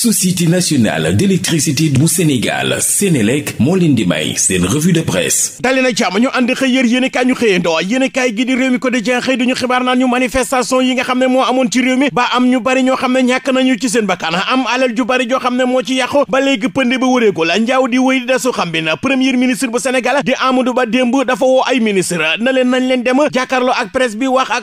société nationale d'électricité bu Sénégal Sénélec moo leen di may seen revue de presse dali na ñu ànd xëy yér yéen i kaay ñu xëyandoo yéen i kaay gi di réew mi quotidien xëy duñu xibaar naan ñu manifestation yi nga xam ne moo amoon ci réew mi ba am ñu bari ñoo xam ne ñàkk nañu ci seen bakkan am alal ju bari joo xam ne moo ci yàqu ba léegi pënde ba wëreeku la njaaw di wéy di desu xam bi na premier ministre bu Sénégal di Ba dem bi wax ak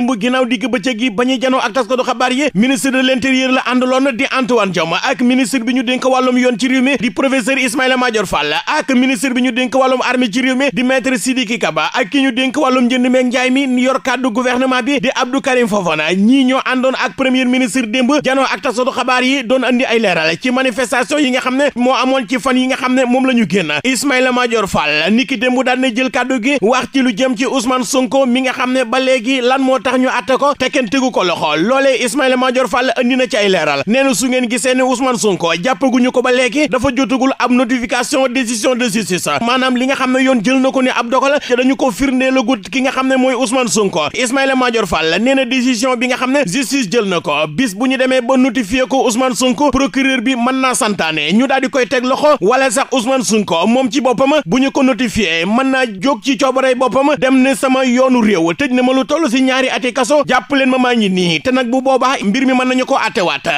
démb ginnaaw digg bëccëg gi ba ñuy janoo ak taskatu xabaar yi ministre de l'intérieur la àndaloon di Antoine Diome ak ministre bi ñu dénk wàllum yoon ci mi di professeur Ismaïla Madior Fall ak ministre bi ñu dénk wàllum armée ci réew mi di maître Sidiki Kaba ak ki ñu dénk wàllum njënd meeg njaay mi yor kàddu gouvernement bi di Abdou Karim ñii ñoo àndoon ak premier ministre démb janoo ak taskatu xabaar yi doon andi ay tax ñu atte ko te kenn tegu ko loxo loolee Ismaïla Madior Fall andi na ci ay leeral nee na su ngeen gisee ne Ousmane ko ba léegi dafa jotagul ab notification décision de justice maanaam li nga xam ne yoon jël na ko ni ab dogal te dañu ko firndeelagut ki nga xam ne mooy Ousmane Sonko Ismaïla Madior Fall nee na décision bi nga xam ne justice jël na ko bis bu ñu demee ba notifié ko Ousmane Sonko procureur bi mën naa santaane ñu daal di koy teg loxo wala sax Ousmane Sonko moom ci boppam bu ñu ko notifié mën naa jóg ci coobarey boppam dem ne sama yoonu réew tëj ati kaso jàpp leen ma maa ngi nii te nag bu boobaa mbir mi mën nañu ko attewaat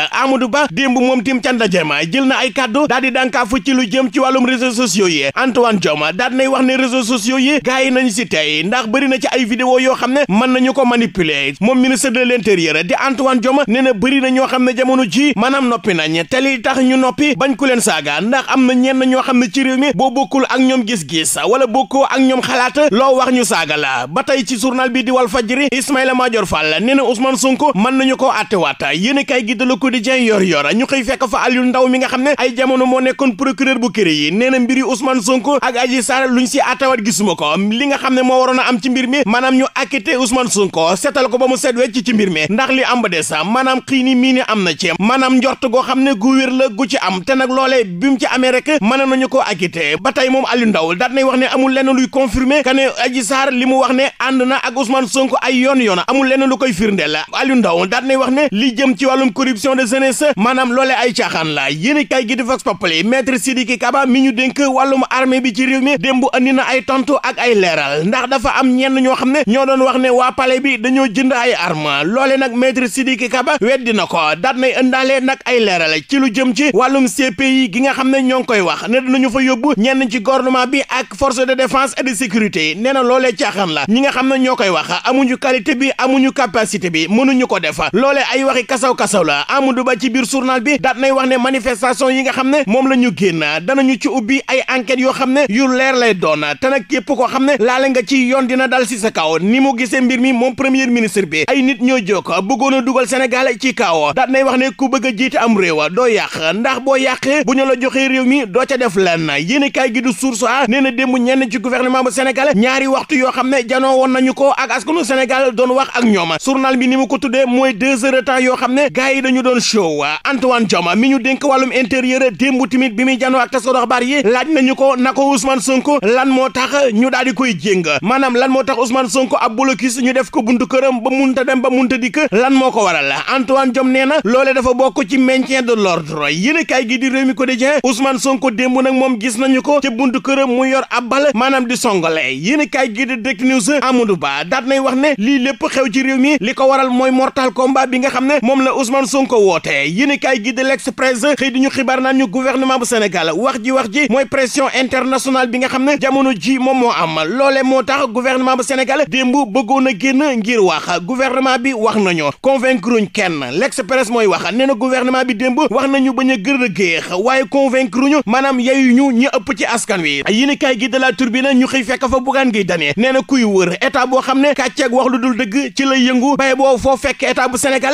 du Ba démb moom tim ca ndajeem jël na ay kàddu daal di dànkaafu ci lu jëm ci wàllum réseaux sociaux yi Antoine Diome daal nay wax ne réseaux sociaux yi gars nañu si tey ndax bëri na ci ay vidéo yoo xam ne mën nañu ko manipuler moom ministre de l'intérieur di Antoine Diome ne na bëri na ñoo xam ne jamono ji maanaam noppi nañ te li tax ñu noppi bañ ku leen saaga am na ñenn ñoo xam ne ci réew mi boo bokkul ak ñoom gis-gis wala bokkoo ak ñoom xalaat loo wax ñu saaga la ba tey ci journal bi di Walf Fadjri Ismaïla Ismaïla Madior Fall nee na Ousmane Sonko mën nañu ko attewaat yéenekaay gi de Le Quotidien yor yor ñu xëy fekk fa Aliou Ndaw mi nga xam ne ay jamono moo nekkoon procureur bu kër yi nee na mbiri Ousmane Sonko ak Adji Sarr luñ si attewaat gisuma ko li nga xam ne moo waroon a am ci mbir mi maanaam ñu acquitté Ousmane Sonko seetal ko ba mu seet wecc ci mbir mi ndax li am ba des maanaam xii ni mii ni am na ci maanaam njort goo xam ne gu wér la am te nag loolee bi mu ci amee rek mën nañu ko acquitté ba tey moom Aliou Ndaw daat nay wax ne amul lenn luy confirmer que ne Adji Sarr li mu wax ne ànd na ak Ousmane Sonko ay yoon yoon amul lenn lu koy firndeel Aliou Ndao daat nay wax ne li jëm ci wàllum corruption de jeunesse maanaam loolee ay caaxaan la yéen kay gi di Vox Populi maître Sidiki Kaba mi ñu dénk wàllum armée bi ci réew mi démb andi na ay tontu ak ay leeral ndax dafa am ñenn ñoo xam ne ñoo doon wax ne waa palais bi dañoo jënd ay arme loole nag maître Sidiki Kaba weddi na ko daat nay ëndaale nag ay leeral ci lu jëm ci wàllum CPI gi nga xam ne ñoo ngi koy wax ne ñu fa yóbbu ñenn ci gouvernement bi ak force de défense et de sécurité nee na loolee caaxaan la ñi nga xam ne ñoo koy wax amuñu qualité bi amuñu capacité bi mënuñu ko def loole ay waxi kasaw-kasaw la am Amadou Ba ci biir journal bi daat nay wax ne manifestation yi nga xam ne moom la ñu dana ñu ci ubbi ay enquêtes yoo xam ne yu leer lay doon te nag képp koo xam ne laale nga ci yoon dina dal si sa kaw ni mu gisee mbir mi moom premier ministre bi ay nit ñoo jóg bëggoon a dugal Sénégal ci kaw daat nay wax ne ku bëgg a am réew a doo yàq ndax boo yàq bu ñu la joxee réew mi doo ca def lenn yéen kaay gi du source a nee na démb ñenn ci gouvernement bu Sénégal ñaari waxtu yoo xam ne janoo woon nañu ko ak Sénégal doon doon wax ak ñooma journal bi ni mu ko tuddee mooy deux heures de temps yoo xam ne gars yi doon show Antoine Diome mi ñu dénk wàllum intérieur démb timit bi muy janoo ak taskatu xabaar yi laaj nañu ko na ko Ousmane Sonko lan moo tax ñu daal di koy jéng maanaam lan moo tax Ousmane Sonko ab blocus ñu def ko buntu këram ba munta dem ba munta dikk lan moo ko waral la Diome nee na loolee dafa bokk ci maintien de l'ordre yéenekaay gi di Rewmi Quotidien Ousmane Sonko démb nag ko ca buntu këram mu yor ab bal maanaam di songale yéenekaay gi di Direct News lépp xew ci réew waral mooy mortal combat bi nga xam ne moom la Ousmane Sonko woote yéen kaay gi de l'Express xëy di ñu xibaar naan ñu gouvernement bu wax ji wax ji mooy pression internationale bi nga xam ne jamono ji moom moo am loole moo tax gouvernement bu Sénégal démb bëggoon a génn ngir wax gouvernement bi wax nañu convaincre ñu kenn l'Express mooy wax nee na gouvernement bi démb wax nañu bañ a gër a géex waaye convaincre ñu maanaam yeyu ñu ñu ëpp ci askan wi yéen kaay gi de la Tribune ñu xëy fekk fa bugaan gi dane nee na kuy wër état boo xam ne kàcceeg wax dëgg ci la yëngu bay boo foo fekk état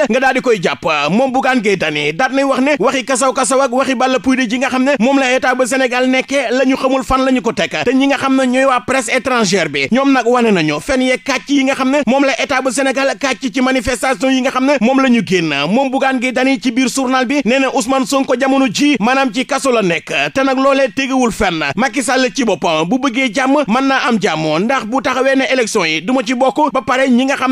nga daal koy jàpp moom Bougane Gueye Dany daat nay wax ne waxi kasaw-kasaw waxi balla puy ji nga xam ne moom la état bu Sénégal nekkee xamul fan la ko teg te ñi nga xam ne ñooy waa presse étrangère bi ñoom nag wane nañu fen yee kàcc ne moom la état bu Sénégal kàcc ci manifestation yi nga xam ne moom la ñu génn moom Bougane Gueye Dany ci biir journal bi nee na Ousmane Sonko jamono ji maanaam ci kaso la nekk te nag loolee tegewul fenn Macky Sall ci boppam yi duma ci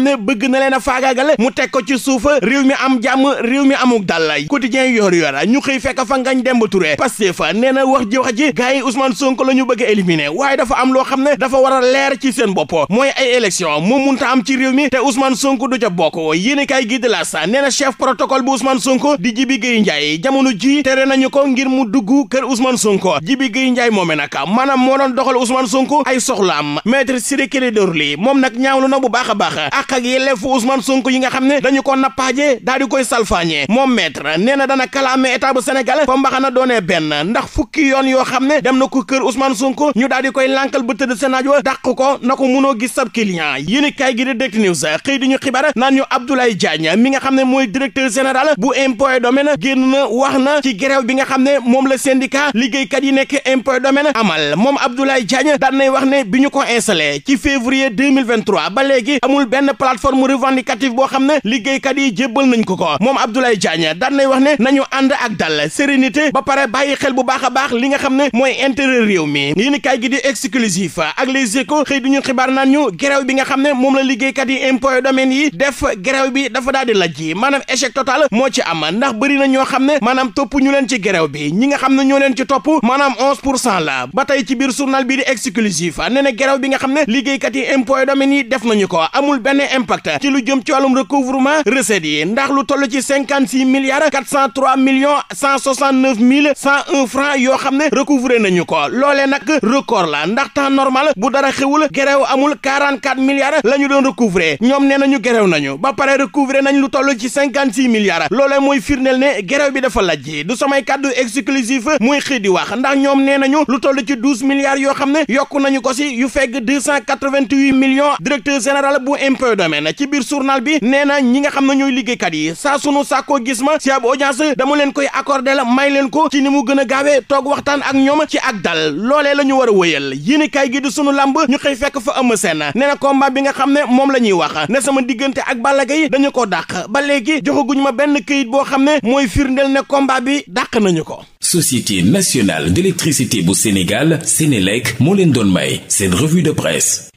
xam bëgg na leen a mu teg ko ci suufa réew mi am jàmm réew mi amuk dal lay quotidien yor yor ñu xëy fekk fa ngañ demb Touré Pastef nee na wax ji wax ji gars yi Ousmane Sonko bëgg a waaye dafa am loo xam ne dafa war leer ci seen bopp mooy ay élection moom munta am ci réew mi te Ousmane Sonko du ca bokk yéen kay gi de la sa nee na chef protocole bu Ousmane Sonko di Jibi Gueye jamono ji tere nañu ko ngir mu dugg kër Ousmane Sonko Jibi Gueye Ndiaye moome nag maanaam moo doon doxal Ousmane Sonko ay soxlaam maître Ciré Clédor moom nag ñaawlu na bu baax a baax ak yelleefu Ousmane Sonko yi nga xam ne dañu ko nappaaje daal di koy salfaañee moom maître nee na dana kalaame état bu Sénégal fa mbaxana doonee benn ndax fukki yoon yoo xam ne dem na ko kër Ousmane Sonko ñu daal di koy lànkal ba tëdd sénaaj wa dàq ko na ko munoo gis sab client yéen kay gi di Direct News xëy di ñu xibaar naan ñu Abdoulaye Diagne mi nga xam ne mooy directeur général bu impôt domaine génn na wax na ci grève bi nga xam ne moom la seen syndicat liggéeykat yi nekk impôt domaine amal moom Abdoulaye Diagne daan nay wax ne bi ñu ko installé ci février 2023 ba léegi amul benn plateforme revendicative boo xam ne liggéeykat yi jébbal nañ ko ko moom Abdoulaye Diagne daan nay wax ne nañu ànd ak dal sérénité ba pare bàyyi xel bu baax a baax li nga xam ne mooy intérêt réew mi yéen kaay gi di exclusif ak les échos xëy duñu xibaar naan ñu grève bi nga xam ne moom la liggéeykat yi impôt domaine yi def grève bi dafa daal di lajji maanaam échec total moo ci am ndax bëri na ñoo xam ne maanaam topp ñu leen ci grève bi ñi nga xam ne ñoo leen ci topp maanaam onze pour cent la tey ci biir journal bi di exclusif nee na grève bi xam ne liggéeykat yi impôt domaine yi def nañu ko amul benn amee impact ci lu jëm ci wàllum recouvrement recettes yi ndax lu toll ci cinquante six milliards quatre cent trois millions cent soixante neuf mille cent un franc yoo xam ne recouvrer nañu ko loolee nag record la ndax temps normal bu dara xewul gerew amul quarante quatre milliards ñu doon recouvrer ñoom nee nañu gerew nañu ba pare recouvrer nañ lu toll ci cinquante six milliards loolee mooy firndeel ne gerew bi dafa lajji du samay kàddu exclusif muy xëy di wax ndax ñoom nee nañu lu toll ci douze milliards yoo xam ne yokku nañu ko si yu fekk deux na ci biir journal bi nee na ñi nga xam ne ñooy liggéeykat yi saa sunu sàkkoo gis ma si ab audience dama leen koy accordé la may leen ko ci ni mu gën a gaawee toog waxtaan ak ñoom ci ak dal loolee la ñu war a wëyal yéen kay gi du sunu lamb ñu xëy fekk fa Eumeu Sène ne na combat bi nga xam ne moom la ñuy wax ne sama diggante ak Balla Gaye dañu ko dàq ba léegi joxaguñu ma benn këyit boo xam ne mooy firndeel ne combat bi dàq nañu ko Société nationale d'électricité bu Sénégal Sénélec moo leen doon may seen revue de presse